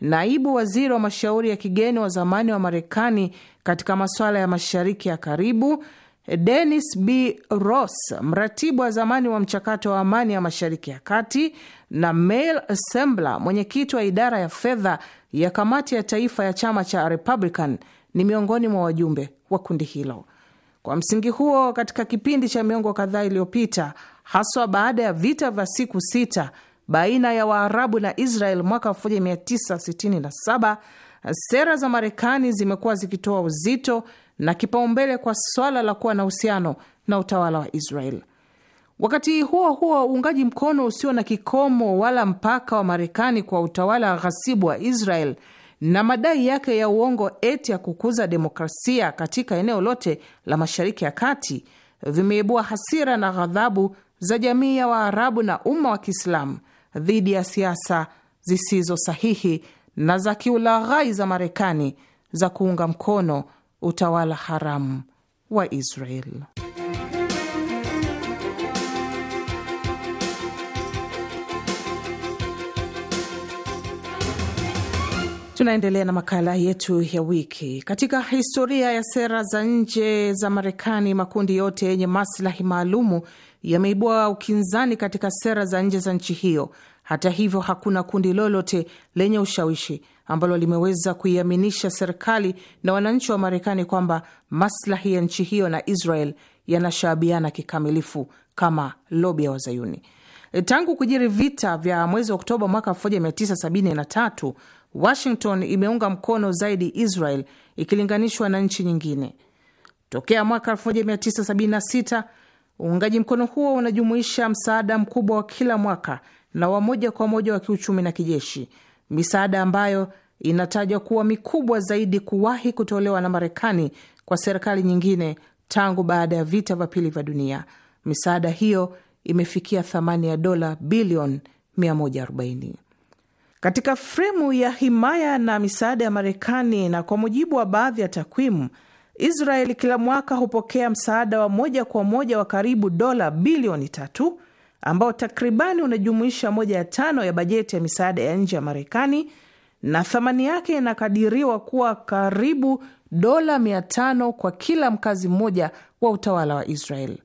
naibu waziri wa mashauri ya kigeni wa zamani wa Marekani katika masuala ya mashariki ya karibu, Dennis B Ross, mratibu wa zamani wa mchakato wa amani ya mashariki ya kati, na Mel Sembler, mwenyekiti wa idara ya fedha ya kamati ya taifa ya chama cha Republican, ni miongoni mwa wajumbe wa kundi hilo. Kwa msingi huo, katika kipindi cha miongo kadhaa iliyopita, haswa baada ya vita vya siku sita baina ya Waarabu na Israel mwaka 1967, sera za Marekani zimekuwa zikitoa uzito na kipaumbele kwa swala la kuwa na uhusiano na utawala wa Israel. Wakati huo huo, uungaji mkono usio na kikomo wala mpaka wa Marekani kwa utawala ghasibu wa Israel na madai yake ya uongo eti ya kukuza demokrasia katika eneo lote la Mashariki ya Kati vimeibua hasira na ghadhabu za jamii ya Waarabu na umma wa Kiislamu dhidi ya siasa zisizo sahihi na za kiulaghai za Marekani za kuunga mkono utawala haramu wa Israel. Tunaendelea na makala yetu ya wiki. Katika historia ya sera za nje za Marekani, makundi yote yenye maslahi maalumu yameibua ukinzani katika sera za nje za nchi hiyo. Hata hivyo, hakuna kundi lolote lenye ushawishi ambalo limeweza kuiaminisha serikali na wananchi wa Marekani kwamba maslahi ya nchi hiyo na Israel yanashaabiana kikamilifu kama lobi ya Wazayuni. E, tangu kujiri vita vya mwezi Oktoba mwaka 1973 Washington imeunga mkono zaidi Israel ikilinganishwa na nchi nyingine. Tokea mwaka 1976 Uungaji mkono huo unajumuisha msaada mkubwa wa kila mwaka na wa moja kwa moja wa kiuchumi na kijeshi, misaada ambayo inatajwa kuwa mikubwa zaidi kuwahi kutolewa na Marekani kwa serikali nyingine tangu baada ya vita vya pili vya dunia. Misaada hiyo imefikia thamani ya dola bilioni 140. Katika fremu ya himaya na misaada ya Marekani, na kwa mujibu wa baadhi ya takwimu Israeli kila mwaka hupokea msaada wa moja kwa moja wa karibu dola bilioni tatu ambao takribani unajumuisha moja ya tano ya bajeti ya misaada ya nje ya Marekani na thamani yake inakadiriwa kuwa karibu dola mia tano kwa kila mkazi mmoja wa utawala wa Israel.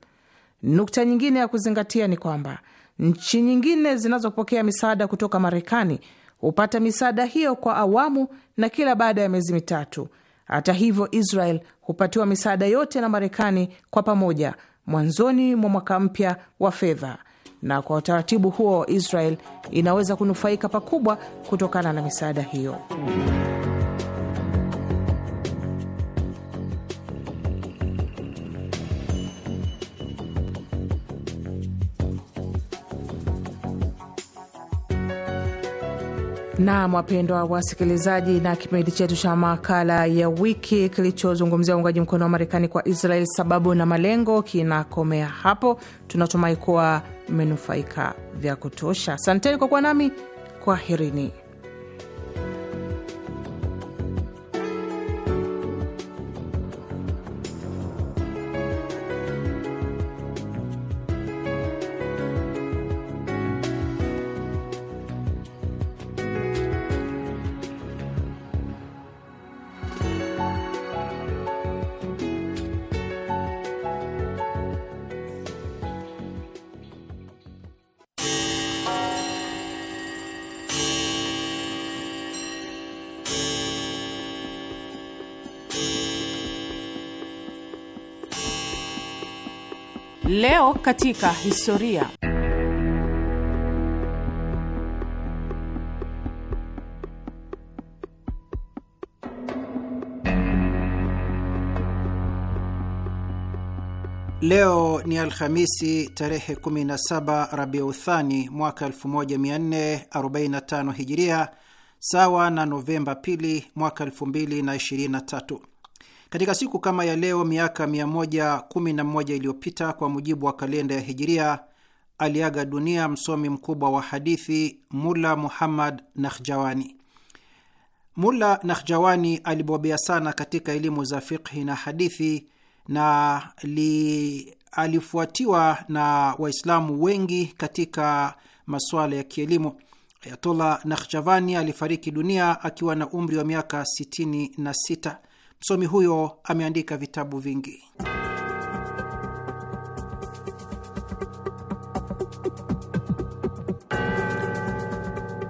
Nukta nyingine ya kuzingatia ni kwamba nchi nyingine zinazopokea misaada kutoka Marekani hupata misaada hiyo kwa awamu na kila baada ya miezi mitatu hata hivyo, Israel hupatiwa misaada yote na Marekani kwa pamoja mwanzoni mwa mwaka mpya wa fedha, na kwa utaratibu huo Israel inaweza kunufaika pakubwa kutokana na misaada hiyo. na wapendwa wasikilizaji, na kipindi chetu cha makala ya wiki kilichozungumzia uungaji mkono wa Marekani kwa Israel, sababu na malengo, kinakomea hapo. Tunatumai kuwa mmenufaika vya kutosha. Asanteni kwa kuwa nami, kwaherini. Leo katika historia. Leo ni Alhamisi tarehe 17 Rabiuthani mwaka 1445 Hijiria, sawa na Novemba 2 mwaka 2023. Katika siku kama ya leo miaka 111 iliyopita kwa mujibu wa kalenda ya Hijiria, aliaga dunia msomi mkubwa wa hadithi Mula Muhammad Nakhjawani. Mula Nakhjawani alibobea sana katika elimu za fiqhi na hadithi na li, alifuatiwa na Waislamu wengi katika masuala ya kielimu. Ayatollah Nakhjavani alifariki dunia akiwa na umri wa miaka 66. Msomi huyo ameandika vitabu vingi.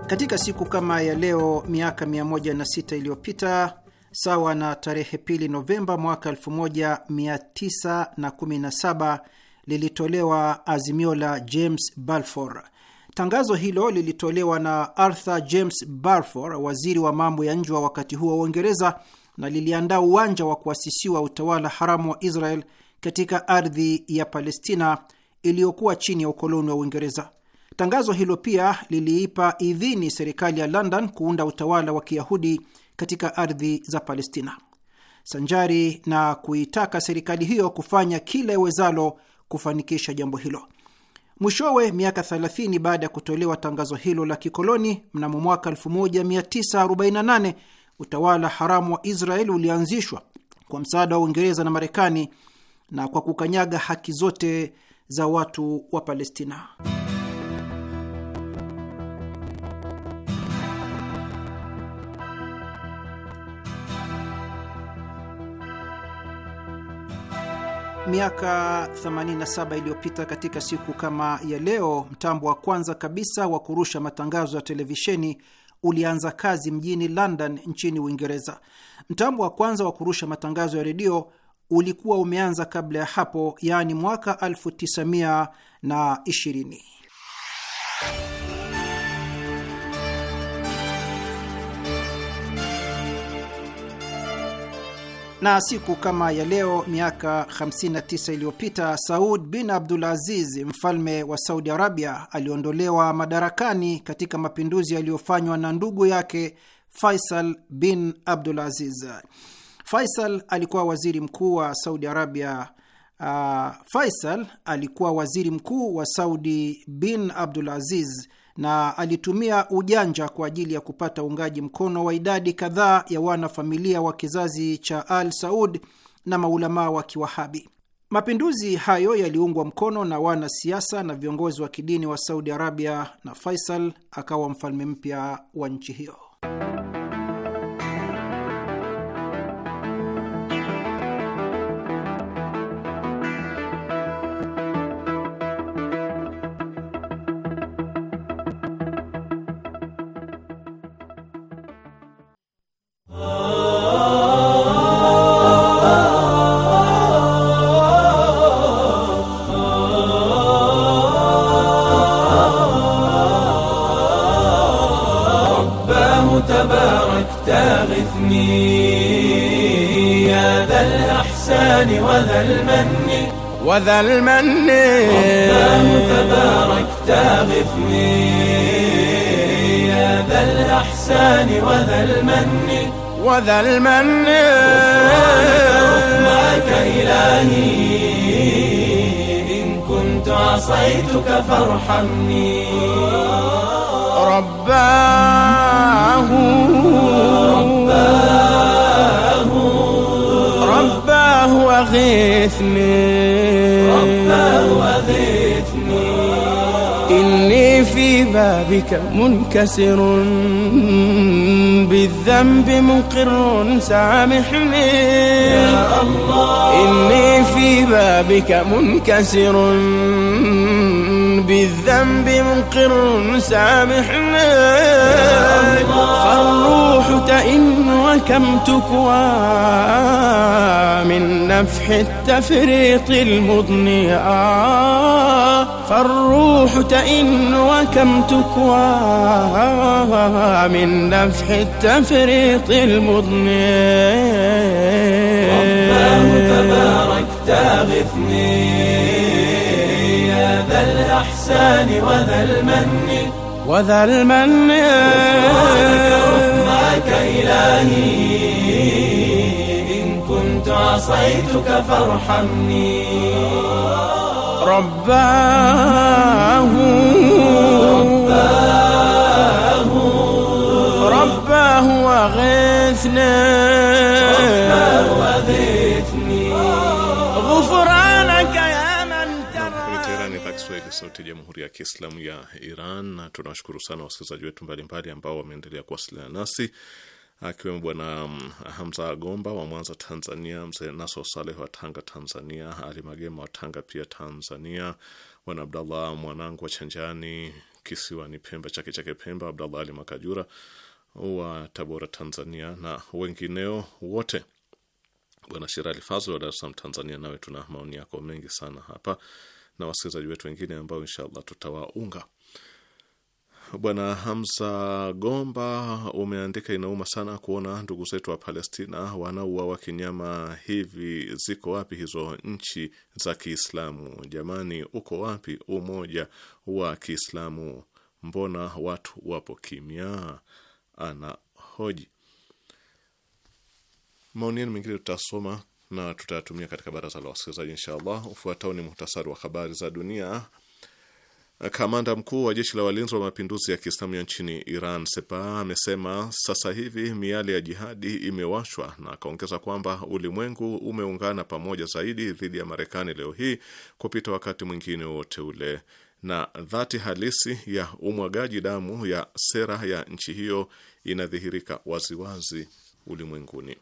Katika siku kama ya leo miaka 106 iliyopita sawa na tarehe pili Novemba mwaka 1917 lilitolewa azimio la James Balfour. Tangazo hilo lilitolewa na Arthur James Balfour, waziri wa mambo ya nje wa wakati huo wa Uingereza, na liliandaa uwanja wa kuasisiwa utawala haramu wa Israel katika ardhi ya Palestina iliyokuwa chini ya ukoloni wa Uingereza. Tangazo hilo pia liliipa idhini serikali ya London kuunda utawala wa Kiyahudi katika ardhi za Palestina, sanjari na kuitaka serikali hiyo kufanya kila iwezalo kufanikisha jambo hilo. Mwishowe, miaka 30 baada ya kutolewa tangazo hilo la kikoloni, mnamo mwaka 1948 utawala haramu wa israel ulianzishwa kwa msaada wa Uingereza na Marekani na kwa kukanyaga haki zote za watu wa Palestina. Miaka 87 iliyopita katika siku kama ya leo, mtambo wa kwanza kabisa wa kurusha matangazo ya televisheni ulianza kazi mjini London nchini Uingereza. Mtambo wa kwanza wa kurusha matangazo ya redio ulikuwa umeanza kabla ya hapo, yaani mwaka 1920. Na siku kama ya leo miaka 59 iliyopita Saud bin abdul aziz mfalme wa Saudi Arabia, aliondolewa madarakani katika mapinduzi yaliyofanywa na ndugu yake Faisal bin Aziz. Faisal alikuwa waziri mkuu wa Saudi Arabia. Uh, Faisal alikuwa waziri mkuu wa Saudi bin abdul aziz na alitumia ujanja kwa ajili ya kupata uungaji mkono wa idadi kadhaa ya wanafamilia wa kizazi cha Al Saud na maulamaa wa Kiwahabi. Mapinduzi hayo yaliungwa mkono na wanasiasa na viongozi wa kidini wa Saudi Arabia na Faisal akawa mfalme mpya wa nchi hiyo. هذا المن رباه تبارك تغفني يا ذا الأحسان وذا المن وذا المن معك إلهي إن كنت عصيتك فارحمني رباه رباه رباه أغيثني بابك منكسر بالذنب مقر سامحني يا الله إني في بابك منكسر بالذنب مقر سامحني فالروح تئن وكم تكوى من نفح التفريط المضني آه فالروح تئن وكم تكوى من نفح التفريط المضني رباه تبارك تغثني يا ذا الأحسان وذا المن وذا المن رحمك إلهي إن كنت عصيتك فارحمني رباه رباه وغثنا Kiswahili sauti ya Jamhuri ya Kiislamu ya Iran, na tunawashukuru sana wasikilizaji wetu mbalimbali ambao wameendelea kuwasiliana nasi akiwemo Bwana mm, Hamza Gomba wa Mwanza, Tanzania, mzee Naso Saleh wa Tanga, Tanzania, Ali Magema wa Tanga pia Tanzania, Bwana Abdallah Mwanangu wa Chanjani kisiwani Pemba, Chake Chake Pemba, Abdallah Ali Makajura wa Tabora, Tanzania na wengineo wote. Bwana Shirali Fazl wa Dar es Salaam, Tanzania, nawe tuna maoni yako mengi sana hapa, na wasikilizaji wetu wengine ambao inshallah tutawaunga Bwana Hamza Gomba umeandika, inauma sana kuona ndugu zetu wa Palestina wanauawa kinyama hivi. Ziko wapi hizo nchi za Kiislamu jamani? Uko wapi umoja wa Kiislamu? Mbona watu wapo kimya? Ana hoji. Maoni yenu mengine tutasoma na tutayatumia katika baraza la wasikilizaji insha Ufuatao ni muhtasari wa habari za dunia. Kamanda mkuu wa jeshi la walinzi wa mapinduzi ya Kiislamu ya nchini Iran Sepa amesema sasa hivi miale ya jihadi imewashwa, na akaongeza kwamba ulimwengu umeungana pamoja zaidi dhidi ya Marekani leo hii kupita wakati mwingine wote ule, na dhati halisi ya umwagaji damu ya sera ya nchi hiyo inadhihirika waziwazi ulimwenguni.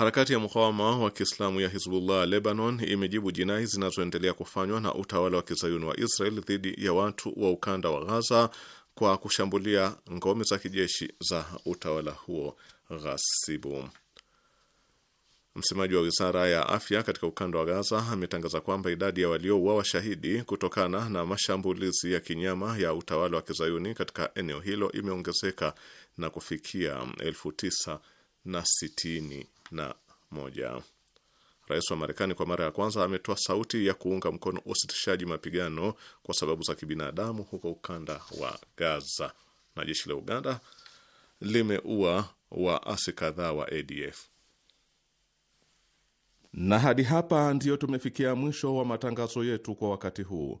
Harakati ya mukawama wa Kiislamu ya Hizbullah Lebanon imejibu jinai zinazoendelea kufanywa na utawala wa kizayuni wa Israel dhidi ya watu wa ukanda wa Ghaza kwa kushambulia ngome za kijeshi za utawala huo ghasibu. Msemaji wa wizara ya afya katika ukanda wa Gaza ametangaza kwamba idadi ya waliouawa washahidi kutokana na mashambulizi ya kinyama ya utawala wa kizayuni katika eneo hilo imeongezeka na kufikia elfu tisa na sitini na moja. Rais wa Marekani kwa mara ya kwanza ametoa sauti ya kuunga mkono usitishaji mapigano kwa sababu za kibinadamu huko ukanda wa Gaza, na jeshi la Uganda limeua waasi kadhaa wa ADF. Na hadi hapa ndiyo tumefikia mwisho wa matangazo yetu kwa wakati huu.